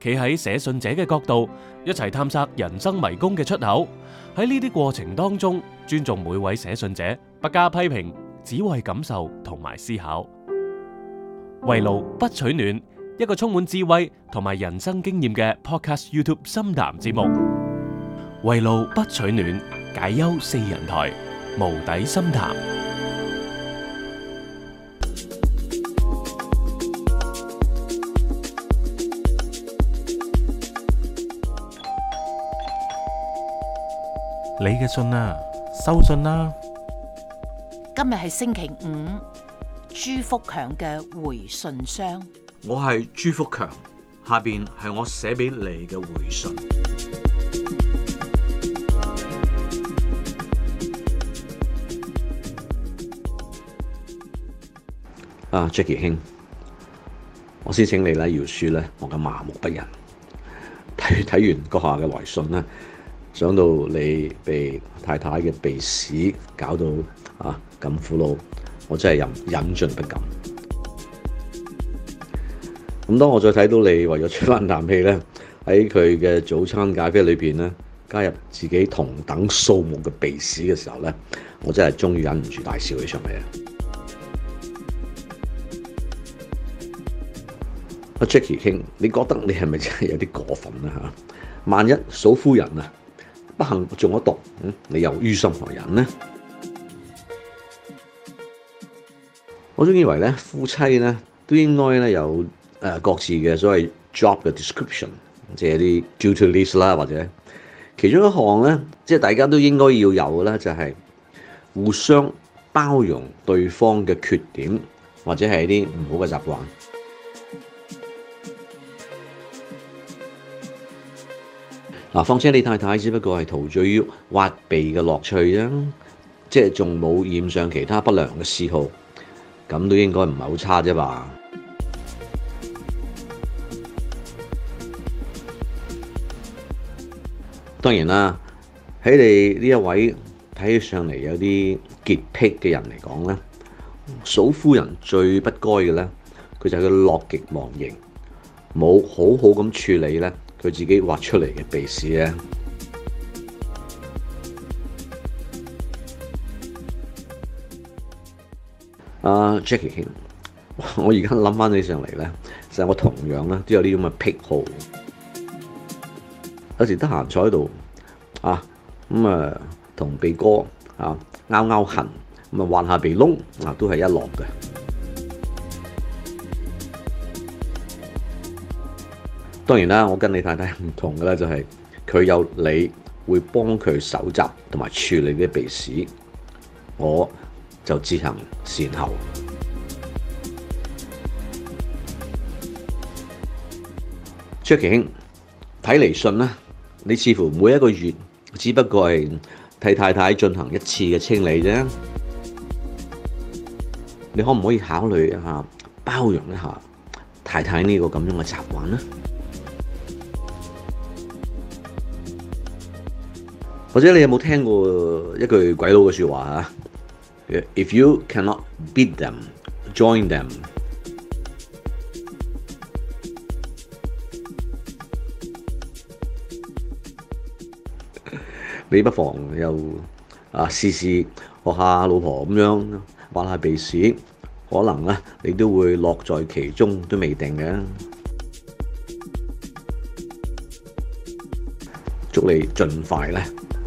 企喺寫信者嘅角度，一齊探索人生迷宮嘅出口。喺呢啲過程當中，尊重每位寫信者，不加批評，只為感受同埋思考。圍爐不取暖，一個充滿智慧同埋人生經驗嘅 Podcast YouTube 深談節目。圍爐不取暖，解憂四人台，無底深談。你嘅信啦、啊，收信啦、啊！今日係星期五，朱福強嘅回信箱。我係朱福強，下邊係我寫俾你嘅回信。啊、uh，Jackie 兄，我先請你咧，饒恕咧我嘅麻木不仁。睇睇完閣下嘅來信啦。想到你被太太嘅鼻屎搞到啊咁苦惱，我真係忍忍俊不禁。咁當我再睇到你為咗出翻啖氣咧，喺佢嘅早餐咖啡裏邊咧，加入自己同等數目嘅鼻屎嘅時候咧，我真係終於忍唔住大笑起上嚟啊！阿 Jacky 兄，你覺得你係咪真係有啲過分啦？嚇，萬一嫂夫人啊！不幸中咗毒，你又於心何忍呢？我仲認為咧，夫妻咧都應該咧有誒，各自嘅所謂 job 嘅 description，即係啲 duty list 啦，或者其中一項咧，即係大家都應該要有嘅，咧，就係互相包容對方嘅缺點或者係一啲唔好嘅習慣。嗱、啊，況且你太太只不過係陶醉於挖鼻嘅樂趣啫，即係仲冇染上其他不良嘅嗜好，咁都應該唔係好差啫吧？當然啦，喺你呢一位睇起上嚟有啲潔癖嘅人嚟講咧，嫂夫人最不該嘅咧，佢就係佢樂極忘形，冇好好咁處理咧。佢自己畫出嚟嘅鼻屎咧，阿 Jacky，我而家諗翻起上嚟咧，其實我同樣咧都有呢種嘅癖好，有時得閒坐喺度啊，咁、嗯、啊同鼻哥啊拗拗痕，咁啊畫下鼻窿啊都係一樂嘅。當然啦，我跟你太太唔同嘅咧，就係、是、佢有你會幫佢搜集同埋處理啲鼻屎，我就自行善後。卓奇兄，睇 嚟樂信啦，你似乎每一個月只不過係替太太進行一次嘅清理啫，你可唔可以考慮一下包容一下太太呢個咁樣嘅習慣呢？或者你有冇聽過一句鬼佬嘅說話啊？If you cannot beat them, join them。 你不妨又啊試試學下老婆咁樣玩下鼻屎，可能咧、啊、你都會樂在其中，都未定嘅。 祝你盡快咧！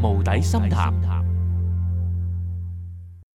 無底深潭。